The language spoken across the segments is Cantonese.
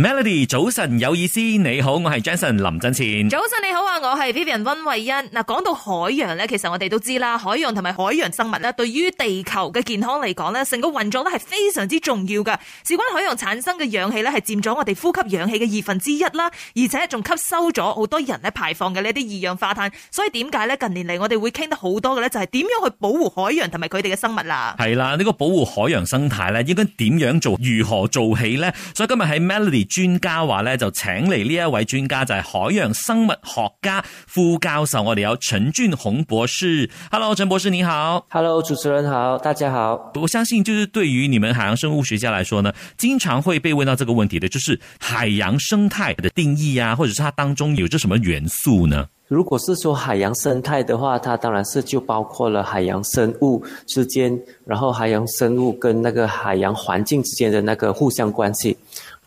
Melody，早晨有意思，你好，我係 Jason 林振前。早晨你好啊，我係 Vivian 溫慧欣。嗱，講到海洋咧，其實我哋都知啦，海洋同埋海洋生物咧，對於地球嘅健康嚟講咧，成個運作咧係非常之重要噶事關海洋產生嘅氧氣咧，係佔咗我哋呼吸氧氣嘅二分之一啦，而且仲吸收咗好多人咧排放嘅呢啲二氧化碳。所以點解咧近年嚟我哋會傾得好多嘅咧，就係點樣去保護海洋同埋佢哋嘅生物啦？係啦，呢個保護海洋生態咧，應該點樣做？如何做起咧？所以今日喺 Melody。專家話呢，就請你呢一位專家在海洋生物學家副教授，我哋有陳俊紅博士。Hello，陳博士你好。Hello，主持人好，大家好。我相信就是對於你們海洋生物學家來說呢，經常會被問到這個問題的，就是海洋生態的定義啊，或者是它當中有着什麼元素呢？如果是說海洋生態的話，它當然是就包括了海洋生物之間，然後海洋生物跟那個海洋環境之間的那個互相關係。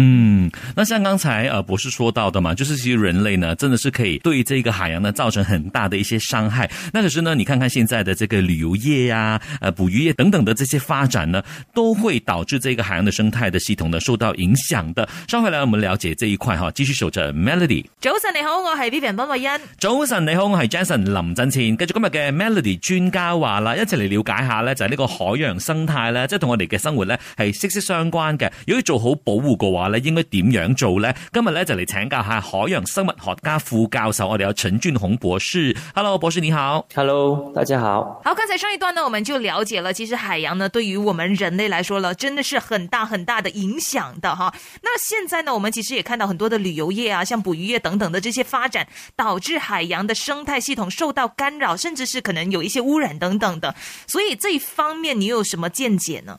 嗯，那像剛才呃，博士說到的嘛，就是其實人類呢，真的是可以對這個海洋呢造成很大的一些傷害。那可是呢，你看看現在的這個旅遊業呀、啊，呃，捕魚業等等的這些發展呢，都會導致這個海洋的生態的系統呢受到影響的。上回來我們了解這一塊哈，繼續守着 Melody。早晨你好，我係 Vivian 溫慧欣。早晨你好，我係 Jason 林振前。繼續今日嘅 Melody 專家話啦，一齊嚟了解一下呢，就係、是、呢個海洋生態呢，即係同我哋嘅生活呢，係息息相關嘅。如果做好保護嘅話，你應該點樣做呢？今日呢，就嚟請教下海洋生物學家副教授，我哋有陳俊孔博士。Hello，博士你好。Hello，大家好。好，剛才上一段呢，我們就了解了，其實海洋呢，對於我們人類來說了，呢真的是很大很大的影響的哈。那現在呢，我們其實也看到很多的旅遊業啊，像捕魚業等等的這些發展，導致海洋的生態系統受到干擾，甚至是可能有一些污染等等的。所以這一方面，你有什麼見解呢？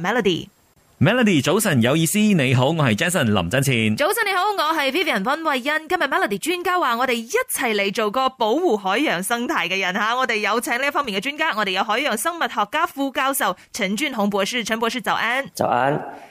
Melody，Melody，Mel 早晨有意思，你好，我係 Jason 林振前。早晨你好，我係 Vivian 溫慧欣。今日 Melody 專家話，我哋一齊嚟做個保護海洋生態嘅人吓。我哋有請呢一方面嘅專家，我哋有海洋生物學家副教授陳俊孔博士，陳博士就安。早安。早安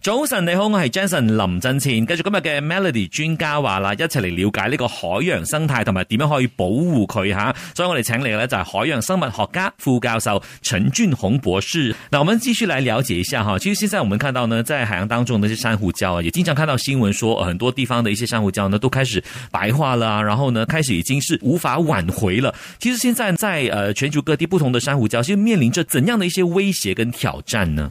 早晨，你好，我係 Jensen 林振前，繼續今日嘅 Melody 專家話啦，一齊嚟了解呢個海洋生態同埋點樣可以保護佢吓。所以我哋請嚟嘅呢，就係海洋生物學家副教授陳俊紅博士。嗱，我們繼續嚟了解一下吓。其實現在我們看到呢，在海洋當中，那些珊瑚礁啊，也經常看到新聞說、呃，很多地方的一些珊瑚礁呢，都開始白化啦，然後呢，開始已經是無法挽回了。其實現在在誒、呃、全球各地不同的珊瑚礁，其實面臨着怎樣的一些威脅跟挑戰呢？